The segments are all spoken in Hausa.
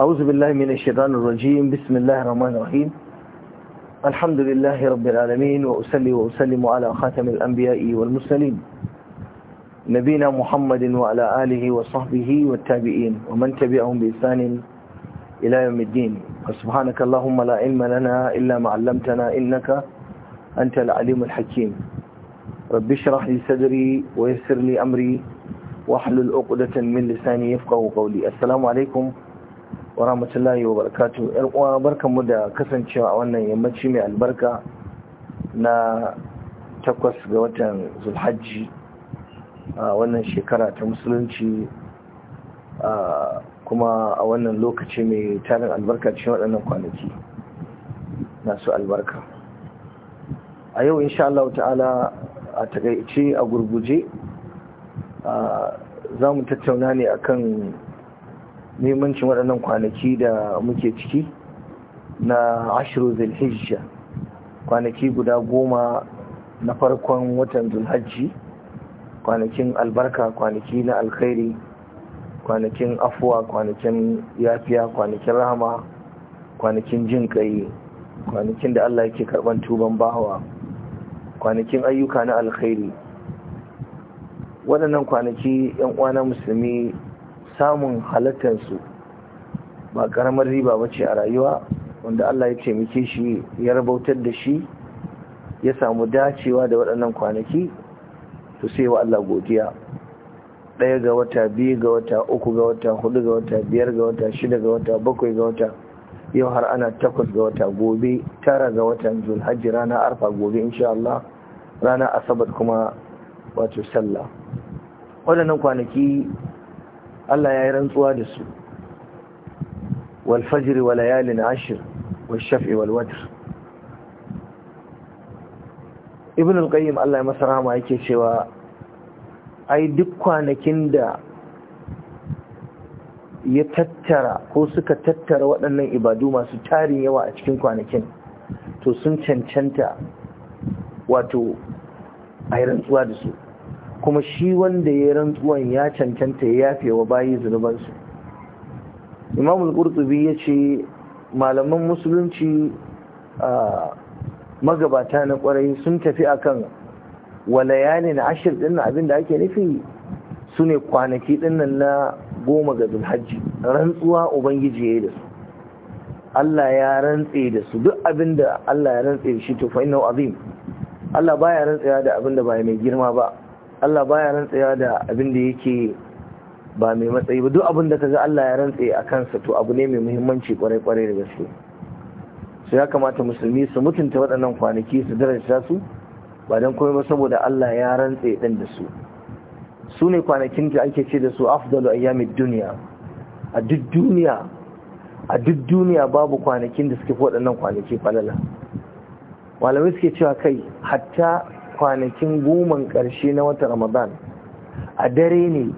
أعوذ بالله من الشيطان الرجيم بسم الله الرحمن الرحيم الحمد لله رب العالمين وأسلي وأسلم على خاتم الأنبياء والمرسلين نبينا محمد وعلى آله وصحبه والتابعين ومن تبعهم بإحسان إلى يوم الدين سبحانك اللهم لا علم لنا إلا ما علمتنا إنك أنت العليم الحكيم رب اشرح لي صدري ويسر لي أمري واحلل عقدة من لساني يفقه قولي السلام عليكم wa rahmatullahi wa barakatu yar uwa barkanmu da kasancewa a wannan yammaci mai albarka na takwas ga watan zulhajji a wannan shekara ta musulunci kuma a wannan lokaci mai tarin albarka cikin waɗannan kwanaki nasu albarka a yau insha Allah ta'ala a takaice a gurguje za mu tattauna ne akan muhimmancin waɗannan kwanaki da muke ciki na ashiru zulhijja kwanaki guda goma na farkon watan zulhajji kwanakin albarka kwanaki na alkhairi kwanakin afuwa kwanakin yafiya kwanakin rahama kwanakin jin kai kwanakin da Allah yake karban tuban bahawa kwanakin ayyuka na alkhairi waɗannan kwanaki 'yan uwa na musulmi samun halittarsu ba karamar riba ba ce a rayuwa wanda Allah ya taimake shi ya rabautar da shi ya samu dacewa da waɗannan kwanaki to sai wa Allah godiya ɗaya ga wata biyu ga wata uku ga wata hudu ga wata biyar ga wata shida ga wata bakwai ga wata yau har ana takwas ga wata gobe tara ga watan zulhajji rana arfa gobe insha Allah rana asabar kuma wato sallah waɗannan kwanaki Allah ya yi rantsuwa da su wal wa layalin ashir wa shaf'i wal ibn al-qayyim Allah ya masa rahama yake cewa ai duk kwanakin da ya tattara ko suka tattara waɗannan ibadu masu tarin yawa a cikin kwanakin to sun cancanta wato a rantsuwa da su kuma shi wanda ya rantsuwan ya cancanta ya yafe wa bayi zunubansu imamul qurtubi ya ce malaman musulunci magabata na kwarai sun tafi akan na ashir din abinda ake nufi su ne kwanaki dinnan na goma ga zulhajji rantsuwa ubangiji ya yi da su Allah ya rantse da su duk abinda Allah ya rantse da shi to na azim Allah baya rantsewa da abinda ba ba mai girma ba Allah baya rantsewa da abin da yake ba mai matsayi ba duk abin da kaga Allah ya rantse a kansa to abu ne mai muhimmanci kwarai kwarai da gaske su ya kamata musulmi su mutunta waɗannan kwanaki su daraja su ba don komai ba saboda Allah ya rantse din da su su ne kwanakin da ake ce da su afdalu ayyamid duniya a duk duniya a duk duniya babu kwanakin da suke fi waɗannan kwanaki falala malamai suke cewa kai hatta kwanakin goman ƙarshe na wata ramadan a dare ne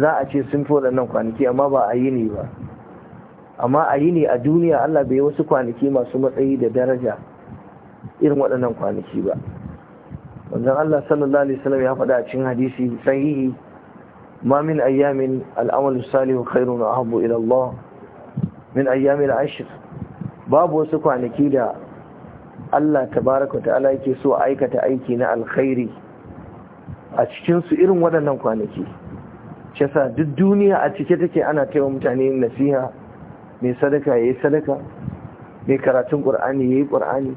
za a ce sun fi waɗannan kwanaki amma ba a yi ne ba amma a yi ne a duniya allah bai wasu kwanaki masu matsayi da daraja irin waɗannan kwanaki ba wanzan allah sallallahu alaihi wasallam ya faɗa a cikin hadisi sahihi ma min ayyamin al'amalu salihu khairun ahabu ila allah min ayyamin ashir babu wasu kwanaki da Allah ta tabaraka ta'ala yake so aikata aiki na alkhairi a cikinsu irin waɗannan kwanaki shi duk duniya a cike take ana taiwa mutane nasiha mai sadaka yayi sadaka mai karatun qur'ani yayi qur'ani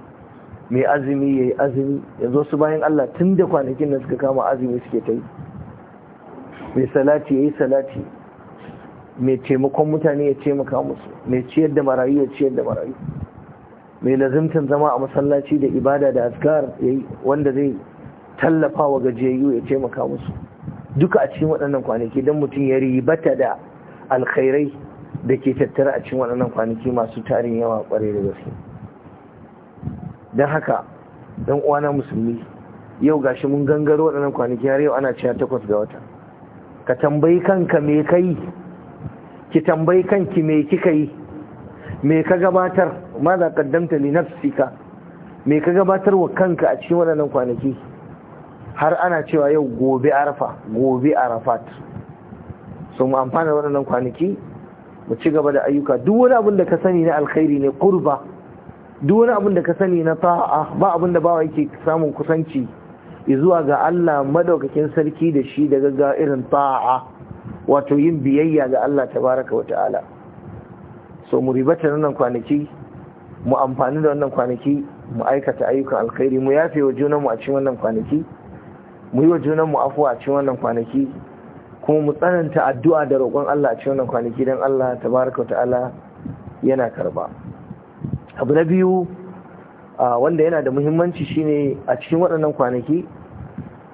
mai azumi yayi azumi yanzu su bayan Allah tun da kwanakin da suka kama azumi suke ta yi mai salati yayi salati mai taimakon mutane ya taimaka musu mai ciyar da marayu ya ciyar da marayu mai lazimtan zama a masallaci da ibada da azkar yayi wanda zai tallafa wa gajiyayyu ya taimaka musu duka a cikin waɗannan kwanaki don mutum ya ribata da alkhairai da ke tattara a cikin waɗannan kwanaki masu tarin yawa ƙwarai da gaske don haka don uwana musulmi yau gashi mun gangaro waɗannan kwanaki har yau ana cewa takwas ga wata ka tambayi kanka me kai ki tambayi kanki me kika yi me ka gabatar ماذا قدمت لنفسك me ka gabatar wa kanka a cikin waɗannan kwanaki har ana cewa yau gobe arafa gobe arafat so mu amfana waɗannan kwanaki mu ci gaba da ayyuka duk wani abin da ka sani na alkhairi ne kurba duk wani abin da ka sani na ta'a ba abin da bawa yake samun kusanci zuwa ga Allah madaukakin sarki da shi da ga irin ta'a wato yin biyayya ga Allah tabaraka wa ta'ala so mu ribata nan kwanaki mu amfani da wannan kwanaki mu aikata ayyukan alkhairi mu yafe wa junanmu a cikin wannan kwanaki mu yi wa junanmu afuwa a cikin wannan kwanaki kuma mu tsananta addu'a da roƙon Allah a cikin wannan kwanaki don Allah tabaraka wa ta'ala yana karba abu na biyu wanda yana da muhimmanci shine a cikin waɗannan kwanaki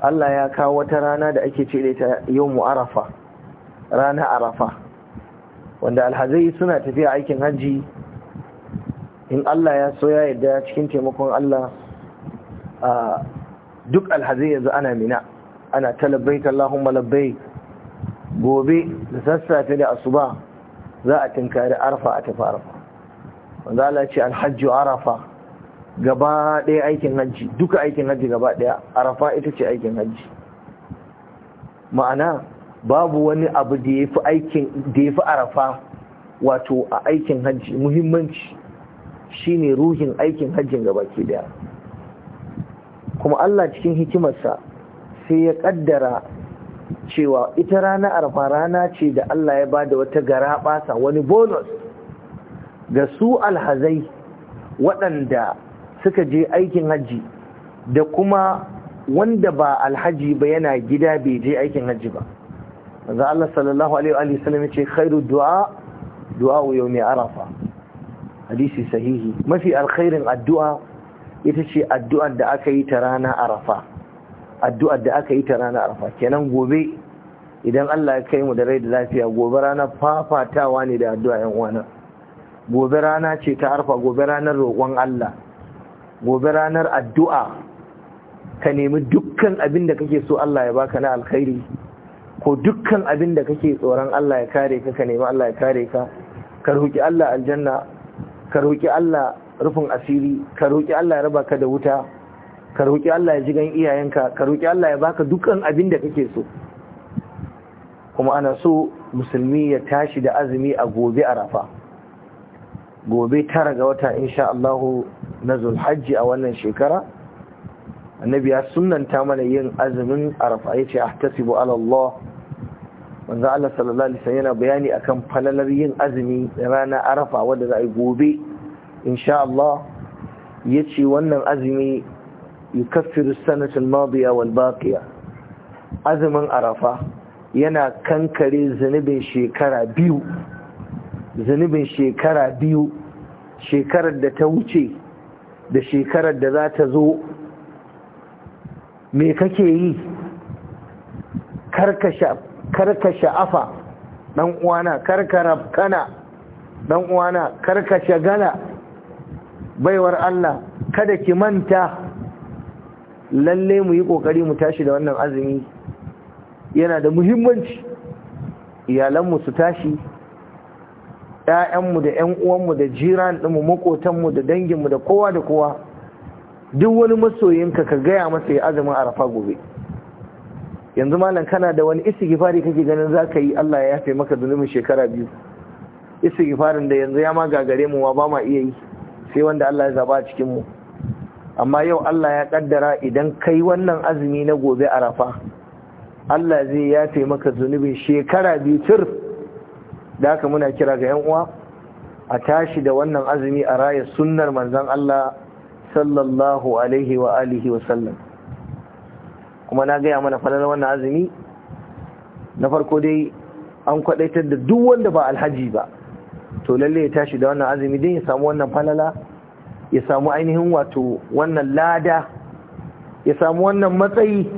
Allah ya kawo wata rana da ake ce ta yawmu arafa rana arafa wanda alhazai suna tafiya aikin hajji in Allah ya so ya yarda cikin taimakon Allah duk alhazai yanzu ana mina ana ta labbaik malabai gobe da sassafe da asuba za a tinkari arfa a tafi arfa wanda Allah ce alhajju arafa gaba ɗaya aikin hajji duka aikin hajji gaba ɗaya arafa ita ce aikin hajji ma'ana babu wani abu da ya fi arafa wato a aikin hajji muhimmanci shine ruhin aikin hajjin gabaki daya kuma Allah cikin hikimarsa sai ya kaddara cewa ita rana arfa rana ce da Allah ya bada wata garaɓasa wani bonus ga su alhazai waɗanda suka je aikin hajji da kuma wanda ba alhaji ba yana gida bai je aikin hajji ba za Allah sallallahu alaihi wa ce khairu du'a du'a yawmi arafa hadisi sahihi mafi alkhairin addu'a ita ce addu'ar da aka yi ta rana arafa addu'ar da aka yi ta rana arafa kenan gobe idan Allah ya kai mu da rai da lafiya gobe rana fafatawa ne da addu'a yan uwana gobe rana ce ta arfa gobe ranar roƙon Allah gobe ranar addu'a ka nemi dukkan abin da kake so Allah ya baka na alkhairi ko dukkan abin da kake tsoron Allah ya kare ka ka nemi Allah ya kare ka ka roki Allah aljanna ka roƙi Allah rufin asiri ka roƙi Allah ya raba ka da wuta ka roƙi Allah ya ji gan iyayenka ka roƙi Allah ya baka dukkan abin da kake so kuma ana so musulmi ya tashi da azumi a gobe arafa gobe tara ga wata insha Allah na zulhajji a wannan shekara annabi ya sunanta mana yin azumin arafa yace ahtasibu ala Allah manzo Allah sallallahu alaihi wasallam yana bayani akan falalar yin azumi da rana arafa wadda za a yi gobe insha Allah yace wannan azumi yukaffiru sanata al-madiya wal azumin arafa yana kankare zunubin shekara biyu zunubin shekara biyu shekarar da ta wuce da shekarar da za ta zo me kake yi karkasha karka sha'afa ɗan uwana karka rafkana ɗan uwana karka shagala baiwar Allah kada ki manta lalle mu yi kokari mu tashi da wannan azumi yana da muhimmanci iyalanmu su tashi ‘ya'yanmu da ‘yan uwanmu da jiran ɗinmu makotanmu da danginmu da kowa da kowa duk wani masoyinka ka gaya masa ya azumin arafa gobe yanzu malam kana da wani istighfari kake ganin zaka yi Allah ya yafe maka zunubin shekara biyu istighfarin da yanzu ya ma gagare mu ba ma iya yi sai wanda Allah ya zaba a cikin mu amma yau Allah ya kaddara idan kai wannan azumi na gobe arafa Allah zai yafe maka zunubin shekara biyu tur da haka muna kira ga yan uwa a tashi da wannan azumi a raya sunnar manzon Allah sallallahu alaihi wa alihi wa sallam kuma na gaya mana falalar wannan azumi na farko dai an kwadaitar da duk wanda ba alhaji ba to lalle ya tashi da wannan azumi din ya samu wannan falala ya samu ainihin wato wannan lada ya samu wannan matsayi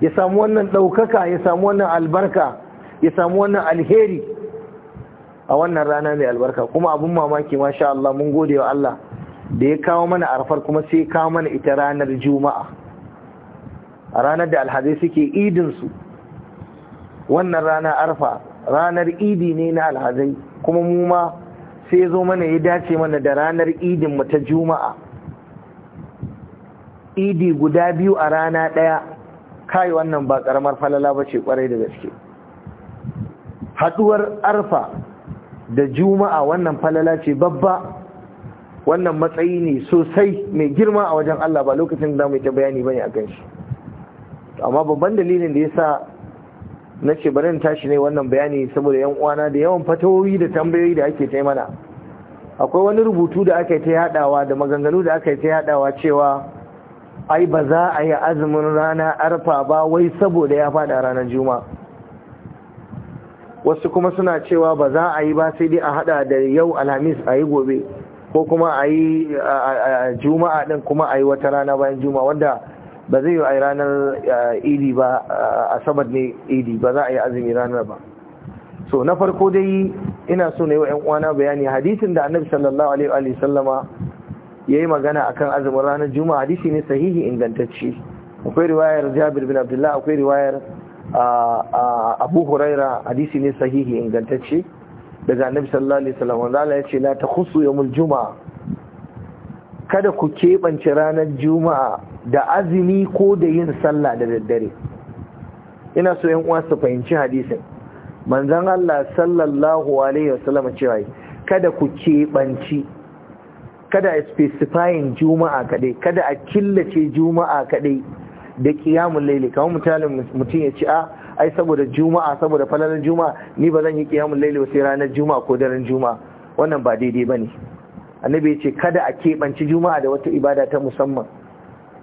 ya samu wannan ɗaukaka ya samu wannan albarka ya samu wannan alheri a wannan rana mai albarka kuma abin mamaki masha Allah mun gode wa Allah da ya kawo mana arfar kuma sai ya kawo mana ita ranar juma'a a ranar da alhazai suke idinsu wannan rana arfa ranar idi ne na alhazai kuma mu ma sai ya zo mana ya dace mana da ranar idin mu ta juma'a idi guda biyu a rana ɗaya kai wannan ba ƙaramar falala ba ce ƙwarai da gaske haɗuwar arfa da juma'a wannan falala ce babba wannan matsayi ne sosai mai girma a wajen Allah ba lokacin da mu ta bayani bane a kan shi amma babban dalilin da yasa na ce bari in tashi ne wannan bayani saboda yan uwana da yawan fatawoyi da tambayoyi da ake ta mana akwai wani rubutu da aka yi ta yadawa da maganganu da aka yi ta yadawa cewa ai ba za a yi azumin rana arfa ba wai saboda ya fada ranar juma wasu kuma suna cewa ba za a yi ba sai dai a hada da yau alhamis a yi gobe ko kuma a yi juma'a din kuma a yi wata rana bayan juma'a wanda ba zai yi a ranar idi ba a asabar ne idi ba za a yi azumi ranar ba so na farko dai ina so na yi wa 'yan uwana bayani hadisin da annabi sallallahu alaihi wa sallama ya yi magana kan azumin ranar juma'a hadisi ne sahihi ingantacce akwai riwayar jabir bin abdullah akwai riwayar abu huraira hadisi ne sahihi ingantacce daga annabi sallallahu alaihi wa wanda Allah ya ce la takhussu yawmul juma'a kada ku keɓance ranar juma'a da azumi ko da yin sallah da daddare ina so yan uwa su fahimci hadisin manzon Allah sallallahu alaihi wasallam cewa kada ku keɓanci kada a specifying juma'a kadai kada a killace juma'a kadai da qiyamul laili kamar mutalin mutum ya ci a ah, ai saboda juma'a saboda falalar juma'a ni ba zan yi qiyamul laili ba sai ranar juma'a ko daren juma'a wannan ba daidai bane annabi ya ce kada a keɓanci juma'a da wata ibada ta musamman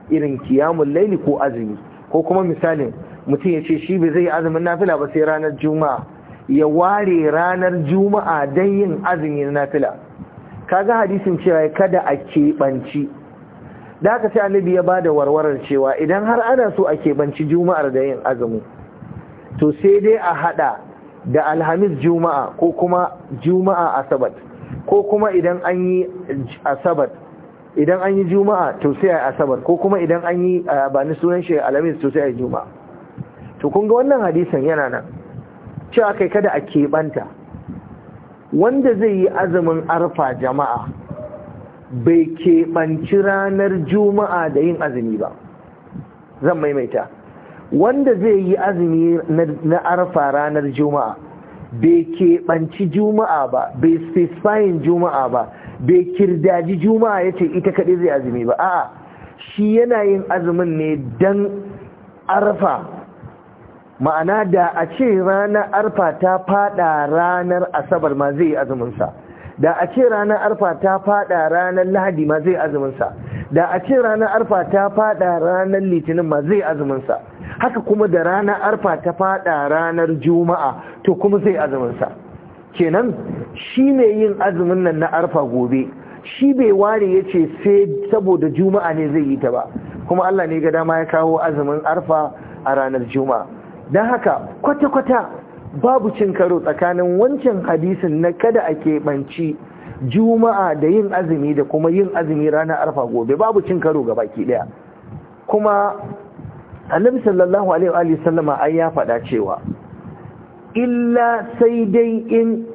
irin kiyamun laili ko azumi ko kuma misalin mutum ya ce shi bai zai azumin nafila ba sai ranar juma'a ya ware ranar juma'a don yin azumin na nafila ga hadisin cewa kada a keɓanci da aka sai annabi ya bada warwarar cewa idan har ana so a keɓanci juma'ar da yin azumi to sai dai a hada da alhamis juma'a ko kuma juma'a asabar ko kuma idan an yi asabar idan an yi juma'a to sai a asabar ko kuma idan an yi ba ni sunan shi alamis to sai a yi juma'a to kun ga wannan hadisan yana nan aka yi kada a keɓanta wanda zai yi azumin arfa jama'a bai keɓanci ranar juma'a da yin azumi ba zan maimaita wanda zai yi azumi na arfa ranar juma'a bai keɓanci juma'a ba bai specifying juma'a ba bai kirdaji juma'a ya ce ita kaɗai zai azumi ba a'a shi yana yin azumin ne don arfa ma'ana da a ce ranar arfa ta faɗa ranar asabar ma zai yi azuminsa da a ce ranar arfa ta fada ranar lahadi ma zai azumin sa. da a ce ranar arfa ta fada ranar litinin ma zai azumin sa. haka kuma da ranar arfa ta fada ranar juma'a to kuma zai azumin sa. kenan shi ne yin azumin nan na arfa gobe shi bai ware ya ce sai saboda juma'a ne zai yi ta ba kuma allah ne ga dama ya kawo azumin arfa a ranar juma'a Dan haka kwata-kwata babu cin karo tsakanin wancan hadisin na kada a keɓanci juma'a da yin azumi da kuma yin azumi ranar arfa gobe babu cin karo ga baki ɗaya kuma annabi sallallahu alaihi wa sallama ai ya faɗa cewa illa sai dai in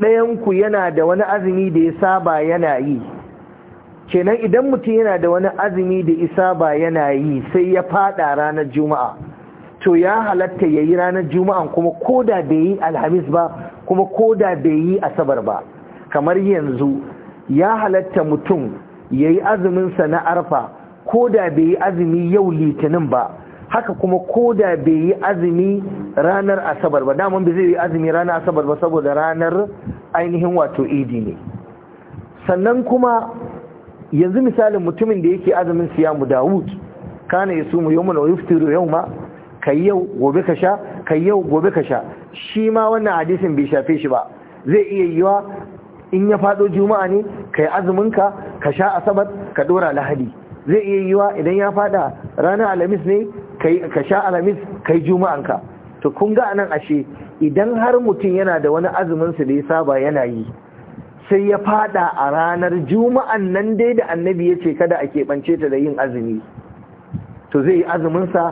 ɗayanku yana da wani azumi da ya saba yana yi kenan idan mutum yana da wani azumi da isa ba yana yi sai ya faɗa ranar juma'a to ya halatta ya yi ranar juma'an kuma ko da bai yi alhamis ba kuma ko da bai yi asabar ba kamar yanzu ya halatta mutum ya yi azuminsa na arfa ko da bai yi azumi yau litinin ba haka kuma ko da bai yi azumi ranar asabar ba daman bai zai yi azumi ranar asabar ba saboda ranar ainihin wato idi ne sannan kuma yanzu misalin mutumin da yake azumin siyamu dawud kana ya su mu mana wa yuftiru yau ma kai yau gobe ka sha kai yau gobe ka sha shi ma wannan hadisin bai shafe shi ba zai iya yiwa in ya fado juma'a ne kai azumin ka ka sha asabar ka dora lahadi zai iya yiwa idan ya fada ranar alhamis ne ka sha alhamis kai juma'anka to kun ga anan ashe idan har mutum yana da wani azumin su da ya saba yana yi sai ya fada a ranar juma'an nan dai da annabi ya ce kada a keɓance ta da yin azumi to zai yi azuminsa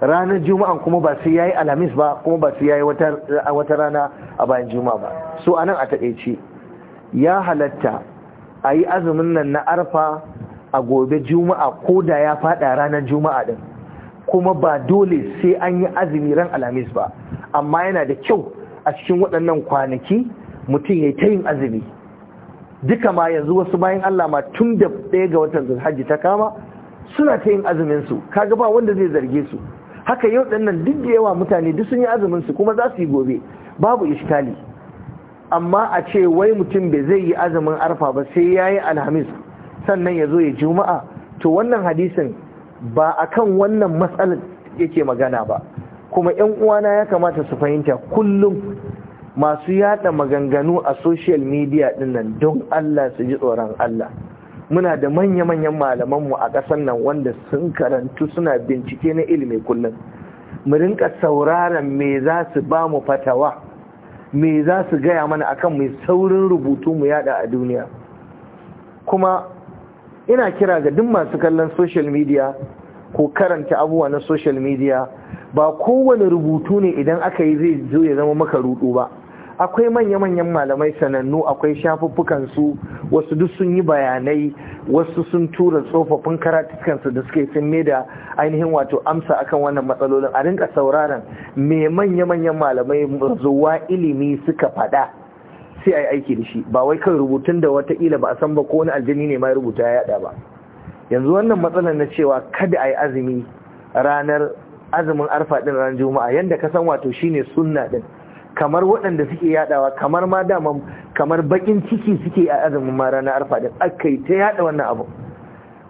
ranar juma'a kuma ba sai yayi alhamis ba kuma ba sai yayi wata rana a bayan juma'a ba so anan a takeice ya halatta ayi azumin nan na arfa a gobe juma'a ko da ya fada ranar juma'a din kuma ba dole sai an yi azumi ran alhamis ba amma yana da kyau a cikin waɗannan kwanaki mutum ya ta azumi duka ma yanzu wasu bayan Allah ma tun da ɗaya ga watan zulhajji ta kama suna ta yin azumin su kaga ba wanda zai zarge su haka yau ɗannan duk da yawa mutane duk sun yi azumin su kuma za su yi gobe babu iskali amma a ce wai mutum bai zai yi azumin arfa ba sai ya yi alhamis sannan ya zo ya juma'a to wannan hadisin ba a kan wannan matsalar yake magana ba kuma yan uwana ya kamata su fahimta kullum masu yada maganganu a social media dinnan don Allah su ji tsoron Allah muna da manya-manyan malamanmu a ƙasar nan wanda sun karantu suna bincike na ilimi kullum mu rinka sauraron me za su ba mu fatawa me za su gaya mana akan mai saurin rubutu mu yada a duniya kuma ina kira ga duk masu kallon social media ko karanta abubuwa na social media ba kowane rubutu ne idan aka yi zai zo ya zama maka rudu ba akwai manya-manyan malamai sanannu akwai shafuffukan wasu duk sun yi bayanai wasu sun tura tsofaffin karatukansu da suke sun me da ainihin wato amsa akan wannan matsalolin a rinka sauraron me manya-manyan malamai zuwa ilimi suka faɗa sai a yi aiki da shi ba wai kan rubutun da wataƙila ba a san ba ko wani aljini ne ma rubuta ya yada ba yanzu wannan matsalar na cewa kada a yi azumi ranar azumin arfa din ranar juma'a Yadda ka san wato shine sunna din kamar waɗanda suke yaɗawa, kamar ma dama kamar bakin ciki suke a azumin ma ranar arfa da akai ta yada wannan abu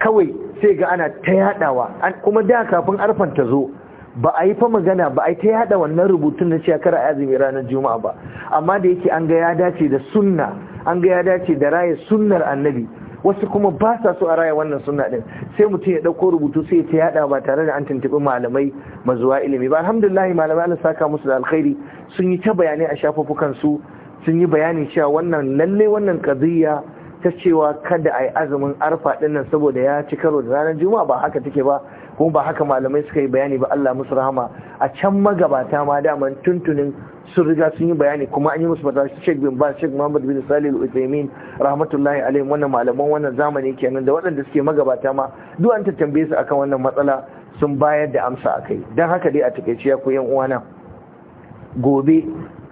kawai sai ga ana ta yadawa kuma da kafin arfan ta zo ba a yi fa magana ba a yi ta yaɗa wannan rubutun na a azumi ranar juma'a ba amma da yake an ga ya dace da sunna an ga ya dace da raya sunnar annabi wasu kuma ba sa so a raya wannan suna din sai mutum ya ɗauko rubutu sai ta yada ba tare da an tuntubi malamai mazuwa ilimi ba alhamdulillah malamai Allah saka musu da alkhairi sun yi ta bayanai a shafufukan su sun yi bayani cewa wannan lalle wannan qadiyya ta cewa kada a yi azumin arfa din nan saboda ya ci karo da ranar juma'a ba haka take ba kuma ba haka malamai suka yi bayani ba Allah musu rahama a can magabata ma daman tuntunin sun riga sun yi bayani kuma an yi musu fata shek bin ba shek Muhammad bin salil al rahmatullahi alaihi wannan malaman wannan zamani kenan da waɗanda suke magabata ma duk an tambaye su akan wannan matsala sun bayar da amsa a kai. dan haka dai a takeice ya ku yan uwana gobe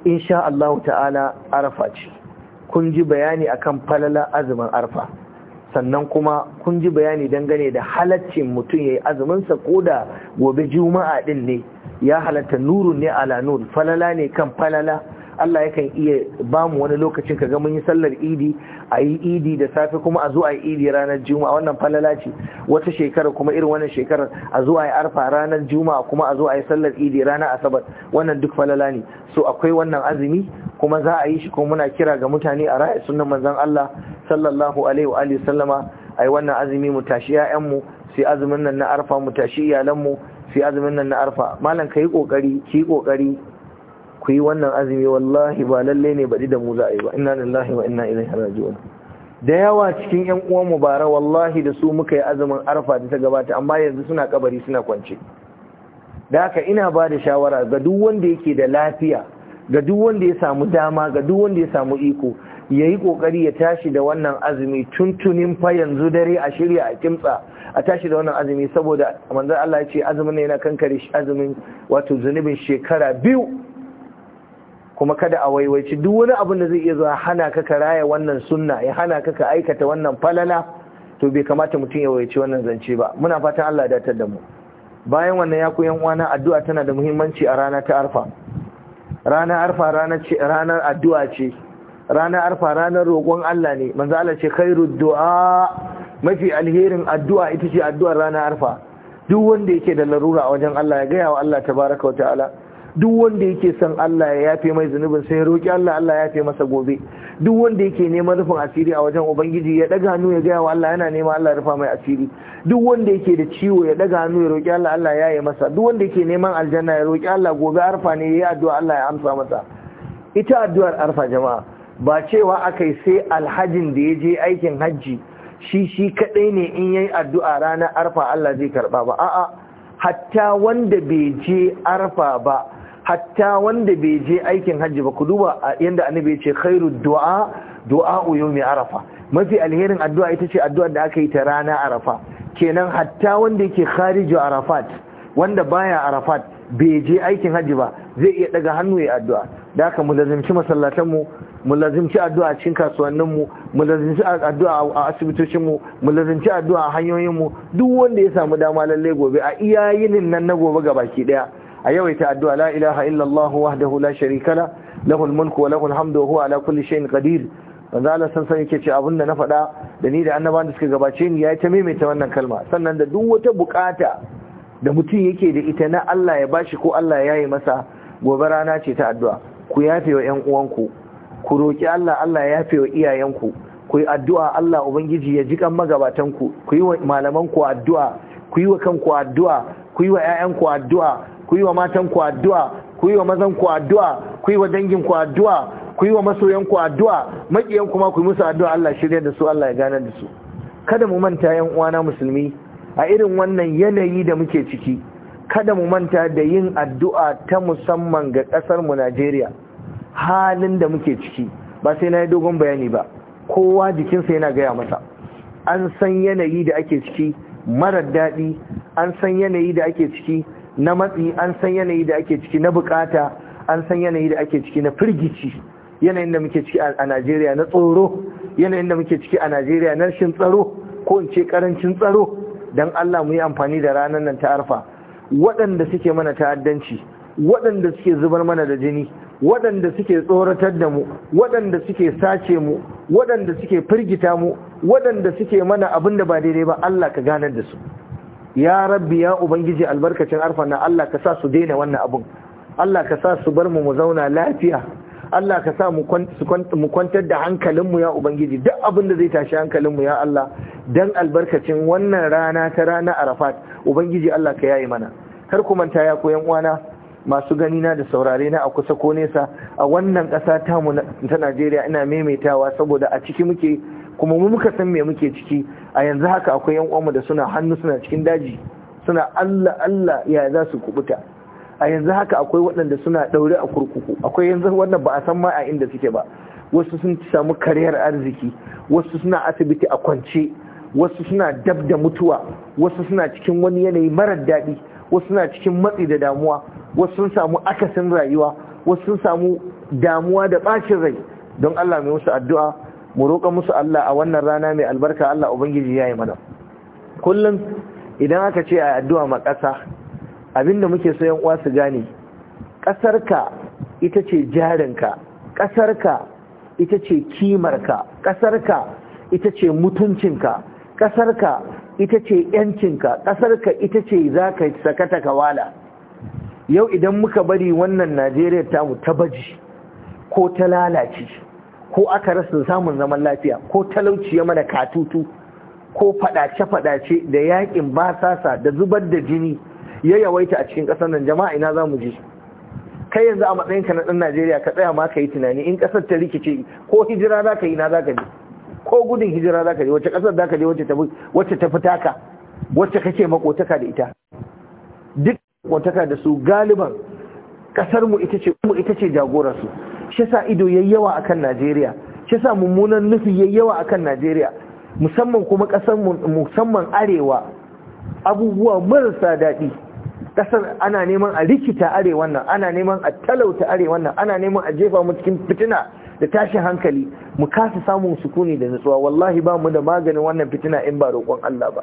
insha Allah ta'ala Arafa ce kun ji bayani akan falala azumin arfa, sannan kuma kun ji bayani dangane da halaccin mutum yayi azumin sa koda gobe juma'a din ne ya halatta nurun ne ala nur falala ne kan falala Allah yakan iya ba mu wani lokacin ka mun yi sallar idi a yi idi da safe kuma a zo a yi idi ranar juma'a wannan falala ce wata shekara kuma irin wannan shekarar a zo a yi arfa ranar juma'a kuma a zo a yi sallar idi ranar asabar wannan duk falala ne so akwai wannan azumi kuma za a yi shi kuma muna kira ga mutane a ra'ayi sunan manzon Allah sallallahu alaihi wa alihi sallama ai wannan azumi mu tashi yayan mu sai azumin nan na arfa mu tashi mu. sai azumin nan na arfa malam ka yi ƙoƙari ki ƙoƙari ku yi wannan azumi wallahi ba lalle ne baɗi da mu za a yi ba inna lillahi wa inna ilaihi raji'un da yawa cikin yan uwan mu bara wallahi da su muka yi azumin arfa da ta gabata amma yanzu suna kabari suna kwance da haka ina ba da shawara ga duk wanda yake da lafiya ga duk wanda ya samu dama ga duk wanda ya samu iko ya yi ƙoƙari ya tashi da wannan azumi tuntunin fa yanzu dare a shirya a kimtsa a tashi da wannan azumi saboda manzan Allah ya ce azumin ne yana kankare azumin wato zunubin shekara biyu kuma kada a waiwaici duk wani abin da zai iya zuwa hana ka karaya wannan sunna ya hana ka ka aikata wannan falala to bai kamata mutum ya waiwaci wannan zance ba muna fatan Allah ya datar da mu bayan wannan ya yan uwana addu'a tana da muhimmanci a rana ta arfa ranar arfa ranar addu'a ce ranar arfa ranar roƙon Allah ne manzo Allah ce khairu du'a mafi alherin addu'a ita ce addu'ar ranar arfa duk wanda yake da larura a wajen Allah ya gaya wa Allah tabaaraka wa ta'ala duk wanda yake son Allah ya yafe mai zunubin sai roƙi Allah Allah ya yafe masa gobe duk wanda yake neman rufin asiri a wajen ubangiji ya daga hannu ya gaya wa Allah yana neman Allah ya rufa mai asiri duk wanda yake da ciwo ya daga hannu ya roƙi Allah Allah ya yi masa duk wanda yake neman aljanna ya roƙi Allah gobe arfa ne ya yi addu'a Allah ya amsa masa ita addu'ar arfa jama'a ba cewa aka yi sai alhajin da ya je aikin hajji shi shi kaɗai ne in yi addu'a ranar arfa Allah zai karɓa ba a'a hatta wanda bai je arfa ba hatta wanda bai je aikin hajji ba ku duba yadda annabi ya ce khairu du'a du'a mai arafa mafi alherin addu'a ita ce addu'a da aka yi ta rana arafa kenan hatta wanda yake kharijo arafat wanda baya arafat bai je aikin hajji ba zai iya daga hannu ya addu'a da haka mu lazimci masallatan mu mu lazimci addu'a cikin kasuwannin mu mu lazimci addu'a a asibitocin mu mu lazimci addu'a a hanyoyin mu duk wanda ya samu dama lalle gobe a iya yinin nan na gobe ga baki daya a yawaita addu'a la ilaha illallah wahdahu la sharika la lahul mulku wa lahul hamdu wa huwa ala kulli shay'in qadir manzo Allah san san yake ce abinda na fada, da ni da annabawan da suka gabace ni yayi ta maimaita wannan kalma sannan da duk wata bukata da mutum yake da ita na Allah ya bashi ko Allah ya yi masa gobe rana ce ta addu'a ku yafe wa ƴan uwanku ku roƙi Allah Allah ya yafe wa iyayenku ku yi addu'a Allah ubangiji ya jikan magabatanku ku yi wa malamanku addu'a ku yi wa kanku addu'a ku yi wa 'ya'yanku addu'a ku yi wa matanku addu'a ku yi wa mazanku addu'a ku yi wa danginku addu'a ku yi wa masoyanku addu'a maƙiyan kuma ku yi musu addu'a Allah shirya da su Allah ya ganar da su kada mu manta yan uwana musulmi a irin wannan yanayi da muke ciki kada mu manta da yin addu'a ta musamman ga ƙasar mu Najeriya halin da muke ciki ba sai na yi dogon bayani ba kowa jikinsa yana gaya masa an san yanayi da ake ciki marar daɗi an san yanayi da ake ciki na matsi an san yanayi da ake ciki na bukata an san yanayi da ake ciki na firgici yanayin da muke ciki a najeriya na tsoro yanayin da muke ciki a najeriya na rashin tsaro ko in ce karancin tsaro don allah mu yi amfani da ranar nan ta arfa waɗanda suke mana ta'addanci waɗanda suke zubar mana da jini waɗanda suke tsoratar da mu waɗanda suke sace mu waɗanda suke firgita mu waɗanda suke mana abin da ba daidai ba Allah ka ganar da su ya rabbi ya ubangiji albarkacin arfana Allah ka sa su daina wannan abun Allah ka sa su bar mu mu zauna lafiya Allah ka sa mu kwantar da hankalinmu ya ubangiji duk abin da zai tashi hankalinmu ya Allah dan albarkacin wannan rana ta rana a Rafat, ubangiji Allah ka yayi mana kar ku manta ya yan uwana masu ganina da saurare na a kusa ko nesa a wannan ƙasa tamu ta Najeriya ina maimaitawa saboda a ciki muke kuma mu muka san me muke ciki a yanzu haka akwai yan uwanmu da suna hannu suna cikin daji suna Allah Allah ya za su kubuta a yanzu haka akwai waɗanda suna ɗaure a kurkuku akwai yanzu wannan ba a san ma a inda suke ba wasu sun samu kariyar arziki wasu suna asibiti a kwance wasu suna dab da mutuwa wasu suna cikin wani yanayi marar daɗi wasu na cikin matsi da damuwa wasu sun samu akasin rayuwa wasu sun samu damuwa da ɓacin rai don Allah mai musu addu'a mu roƙa musu Allah a wannan rana mai albarka Allah ubangiji yi mana kullum idan aka ce a addu'a ma ƙasa abinda muke so yan uwa su gane ƙasarka ita ce jarinka ƙasarka ita ce kimarka ƙasarka ita ce mutuncinka ƙasarka ita ce ‘yancinka ƙasarka ita ce za ka sakata kawala yau idan muka bari wannan najeriya tamu ta baji ko ta lalace ko aka rasa samun zaman lafiya ko talauci ya mana katutu ko faɗace-faɗace da yaƙin basasa da zubar da jini ya yawaita a cikin ƙasar nan jama'a ina za mu je kai yanzu a matsayinka na ɗan najeriya ka tsaya ma ka yi tunani in ƙasar ta rikice ko hijira za ka yi na za ka je ko gudun hijira za ka je wacce ƙasar za ka je wacce ta fita ka wacce kake makotaka da ita duk makotaka da su galiban ƙasar mu ita ce mu ita ce shi sa ido yayi yawa akan Najeriya shi sa mummunan nufi yayi yawa akan Najeriya musamman kuma ƙasar musamman arewa abubuwa marasa daɗi ƙasar ana neman a rikita arewa nan ana neman a talauta arewan nan ana neman a jefa mu cikin fitina da tashin hankali mu kasa samun sukuni da nutsuwa wallahi ba mu da maganin wannan fitina in ba roƙon Allah ba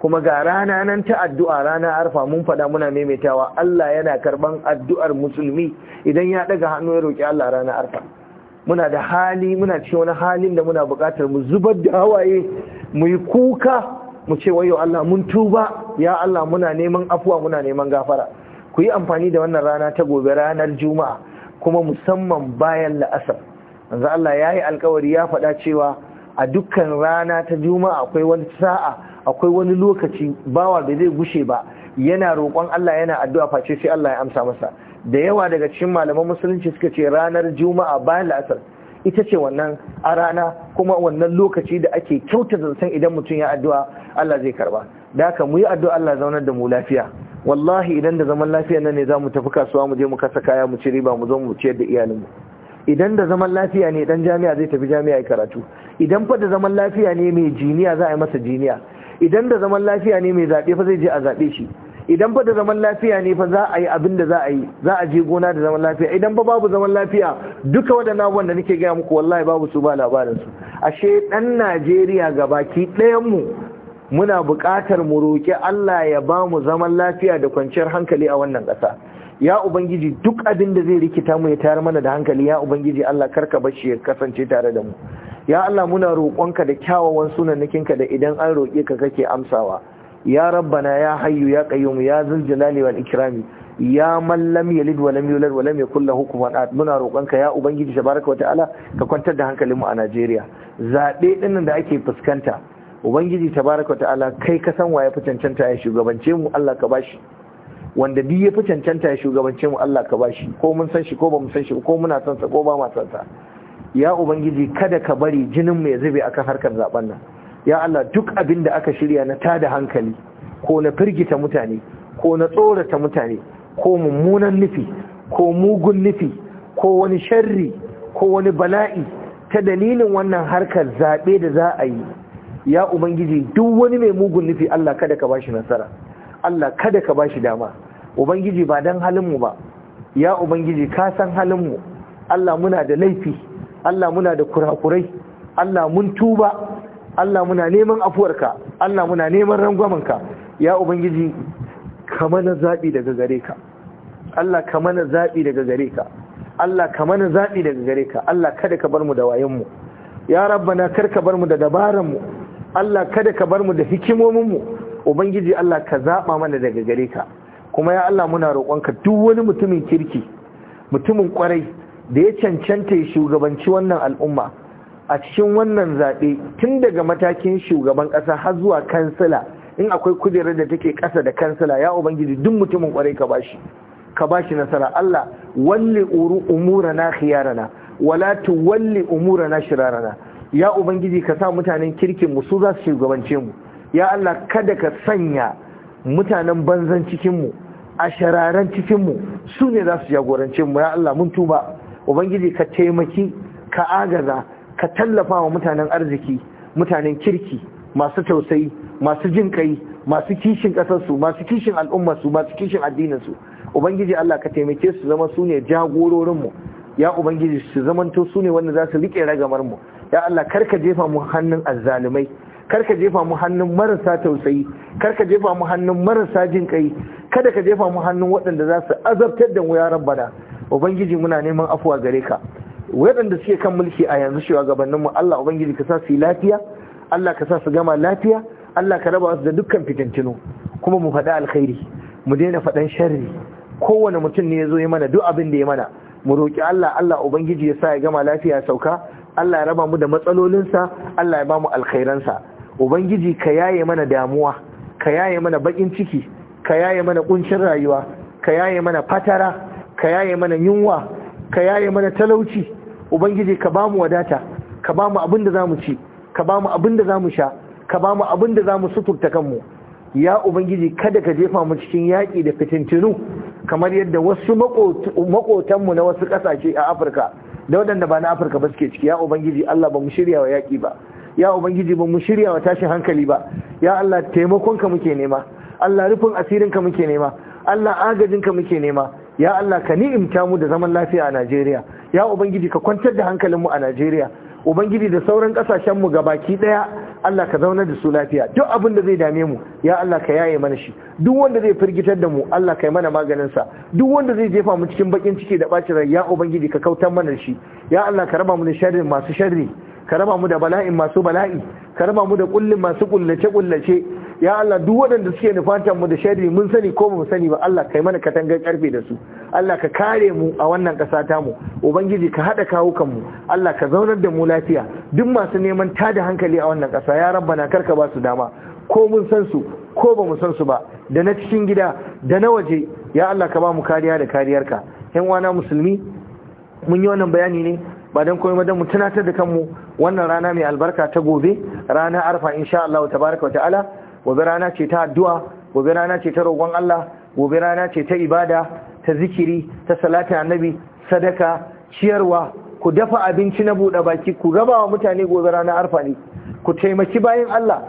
kuma ga rana nan ta addu'a rana arfa mun fada muna maimaitawa Allah yana karban addu'ar musulmi idan ya daga hannu ya roƙi Allah rana arfa muna da hali muna cikin wani halin da muna buƙatar mu zubar da hawaye mu yi kuka mu ce wayo Allah mun tuba ya Allah muna neman afuwa muna neman gafara ku yi amfani da wannan rana ta gobe ranar juma'a kuma musamman bayan la'asar yanzu Allah ya yi alkawari ya faɗa cewa a dukkan rana ta juma'a akwai wani sa'a akwai wani lokaci bawa da zai gushe ba yana roƙon Allah yana addu'a face sai Allah ya amsa masa da yawa daga cikin malaman musulunci suka ce ranar juma'a bayan la'asar ita ce wannan a rana kuma wannan lokaci da ake kyauta zancen idan mutum ya addu'a Allah zai karba da haka mu yi addu'a Allah zaunar da mu lafiya wallahi idan da zaman lafiya nan ne za mu tafi kasuwa mu je mu kasa kaya mu ci riba mu zo mu ciyar da iyalinmu idan da zaman lafiya ne dan jami'a zai tafi jami'a ya karatu idan fa da zaman lafiya ne mai jiniya za a yi masa jiniya idan da zaman lafiya ne mai zaɓe fa zai je a zaɓe shi idan fa da zaman lafiya ne fa za a yi abin da za a yi za a je gona da zaman lafiya idan fa babu zaman lafiya duka waɗannan abubuwan da nake gaya muku wallahi babu su ba labarin su ashe dan Najeriya gabaki ɗayan mu muna buƙatar mu roƙi Allah ya ba mu zaman lafiya da kwanciyar hankali a wannan ƙasa ya ubangiji duk abin da zai rikita mu ya tayar mana da hankali ya ubangiji Allah karka bashi ya kasance tare da mu ya Allah muna roƙonka da kyawawan sunannikinka da idan an roƙe ka kake amsawa ya rabbana ya hayyu ya qayyum ya zul jalali wal ikrami ya man lam yalid wa lam yulad wa lam yakul lahu kufuwan ahad muna roƙonka ya ubangiji tabaraka wa ta'ala ka kwantar da hankalin mu a Najeriya zabe dinnan da ake fuskanta ubangiji tabaraka ta'ala kai ka san waye fi cancanta ya shugabance mu Allah ka bashi wanda duk ya fi cancanta ya shugabance mu Allah ka bashi ko mun san shi ko ba mu san shi ko muna san sa ko ba ma san sa ya ubangiji kada ka bari jinin mu ya zube akan harkar zaben nan ya Allah duk abin da aka shirya na tada hankali ko na firgita mutane ko na tsorata mutane ko mummunan nufi ko mugun nufi ko wani sharri ko wani bala'i ta dalilin wannan harkar zaɓe da za a yi ya ubangiji duk wani mai mugun nufi Allah kada ka bashi nasara Allah kada ka bashi dama ubangiji ba dan halin mu ba ya ubangiji ka san halin mu Allah muna da laifi Allah muna da kurakurai Allah mun tuba Allah muna neman afuwarka Allah muna neman rangwamanka ya ubangiji ka mana zabi daga gare ka Allah ka mana zabi daga gare ka Allah ka mana zabi daga gare ka Allah kada ka bar mu da wayen mu ya rabbana karka bar mu da dabaran mu Allah kada ka bar mu da hikimominmu ubangiji Allah ka zaɓa mana daga gare ka kuma ya Allah muna roƙonka duk wani mutumin kirki mutumin kwarai da ya cancanta ya shugabanci wannan al'umma a cikin wannan zaɓe tun daga matakin shugaban ƙasa har zuwa kansila in akwai kujerar da take ƙasa da kansila ya ubangiji duk mutumin ƙwarai ka bashi ka bashi nasara Allah walli umurana khiyarana wala tuwalli umurana shirarana ya ubangiji ka sa mutanen kirkin mu su za su shugabance mu ya Allah kada ka sanya mutanen banzan cikin mu a shararan cikin mu su ne za su jagorance mu ya Allah mun tuba ubangiji ka taimaki ka agaza ka tallafa wa mutanen arziki mutanen kirki masu tausayi masu jin kai masu kishin ƙasarsu masu kishin al'ummarsu masu kishin su ubangiji Allah ka taimake su zama su ne mu ya ubangiji su zamanto su ne wanda za su rike ragamar mu ya Allah karka jefa mu hannun azzalumai karka jefa mu hannun marasa tausayi karka jefa mu hannun marasa jin kai kada ka jefa mu hannun waɗanda za su azabtar da mu ya rabbana ubangiji muna neman afuwa gare ka waɗanda suke kan mulki a yanzu shi shugabannin mu Allah ubangiji ka sa su lafiya Allah ka sa su gama lafiya Allah ka raba su da dukkan fitintinu kuma mu faɗa alkhairi mu daina faɗan sharri kowane mutum ne ya zo ya mana duk abin da ya mana mu roƙi Allah Allah ubangiji ya sa ya gama lafiya sauka Allah ya raba mu da matsalolinsa Allah ya ba mu alkhairansa ubangiji ka yaye mana damuwa ka yaye mana baƙin ciki ka yaye mana kuncin rayuwa ka yaye mana fatara ka yaye mana yunwa ka yaye mana talauci ubangiji ka ba mu wadata ka ba mu abin da za mu ci ka ba mu abin da za mu sha ka ba mu abin da za mu suturta kanmu ya ubangiji kada ka jefa mu cikin yaƙi da fitintinu kamar yadda wasu makotanmu na wasu kasashe a afirka da waɗanda ba na afirka ba suke ciki ya ubangiji allah ba mu shirya wa yaƙi ba ya ubangiji ba mu shirya wa tashin hankali ba ya allah taimakonka muke nema allah rufin asirinka muke nema allah agajinka muke nema ya allah ka ni'imta mu da zaman lafiya a najeriya ya ubangiji ka kwantar da hankalinmu a najeriya ubangiji da sauran ga baki ɗaya Allah ka zaunar da su lafiya duk abin da zai dame mu ya Allah ka yaye mana shi duk wanda zai firgitar da mu Allah ka yi mana maganin sa duk wanda zai jefa mu cikin bakin ciki da bacin rai ya ubangiji ka kautar mana shi ya Allah ka raba mu da sharrin masu sharri ka raba mu da bala'in masu bala'i ka raba mu da kullin masu kullace kullace ya Allah duk waɗanda suke nufatan mu da shari mun sani ko mu sani ba Allah kai mana katangar karfe da su Allah ka kare mu a wannan ƙasa ta mu ubangiji ka haɗa kawukan mu Allah ka zaunar da mu lafiya duk masu neman tada hankali a wannan ƙasa ya rabbana karka ba su dama ko mun san su ko ba mu san su ba da na cikin gida da na waje ya Allah ka ba mu kariya da kariyarka yan wana musulmi mun yi wannan bayani ne ba don koyi madan mu tunatar da kanmu wannan rana mai albarka ta gobe rana arfa insha Allah tabaraka wa ta'ala gobe rana ce ta addu'a gobe rana ce ta roƙon Allah gobe rana ce ta ibada ta zikiri ta salata annabi sadaka ciyarwa ku dafa abinci na buɗe baki ku raba wa mutane gobe rana arfa ne ku taimaki bayan Allah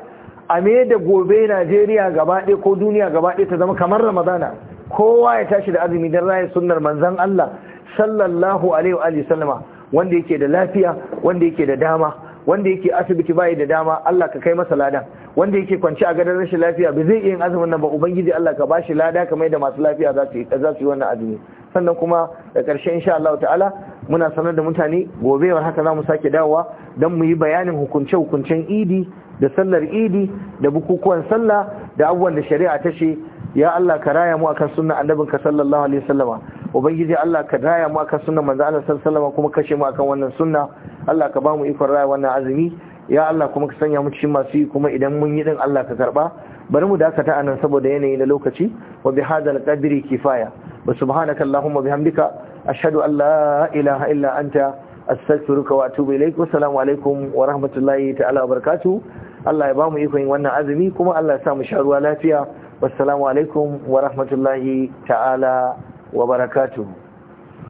a me da gobe Najeriya gaba ɗaya ko duniya gaba ɗaya ta zama kamar Ramadana kowa ya tashi da azumi don raya sunnar manzon Allah sallallahu alaihi wa sallama wanda yake da lafiya wanda yake da dama wanda yake asibiti bai da dama Allah ka kai masa lada wanda yake kwanci a gadon rashin lafiya ba zai yin azumin nan ba ubangiji Allah ka bashi lada kamar da masu lafiya za su yi za su yi wannan azumi sannan kuma da karshe insha Allah ta'ala muna sanar da mutane gobe war haka zamu sake dawowa dan mu yi bayanin hukunce hukuncen idi da sallar idi da bukukuwan sallah da abubuwan da shari'a ta ce ya Allah ka raya mu akan sunnan ka sallallahu alaihi wasallama ubangiji Allah ka raya mu akan sunnan manzo Allah sallallahu alaihi kuma kashe mu akan wannan sunna Allah ka ba mu ikon raya wannan azumi ya Allah kuma ka sanya mu cikin masu yi kuma idan mun yi din Allah ka karba bari mu dakata anan saboda yanayi na lokaci wa bi hadal qadri kifaya wa subhanaka allahumma bihamdika ashhadu an la ilaha illa anta astaghfiruka wa atubu ilaik wa assalamu alaikum wa rahmatullahi ta'ala wa barakatuh Allah ya ba mu ikon wannan azumi kuma Allah ya sa mu sha ruwa lafiya wassalamu alaikum wa rahmatullahi ta'ala wa barakatuhu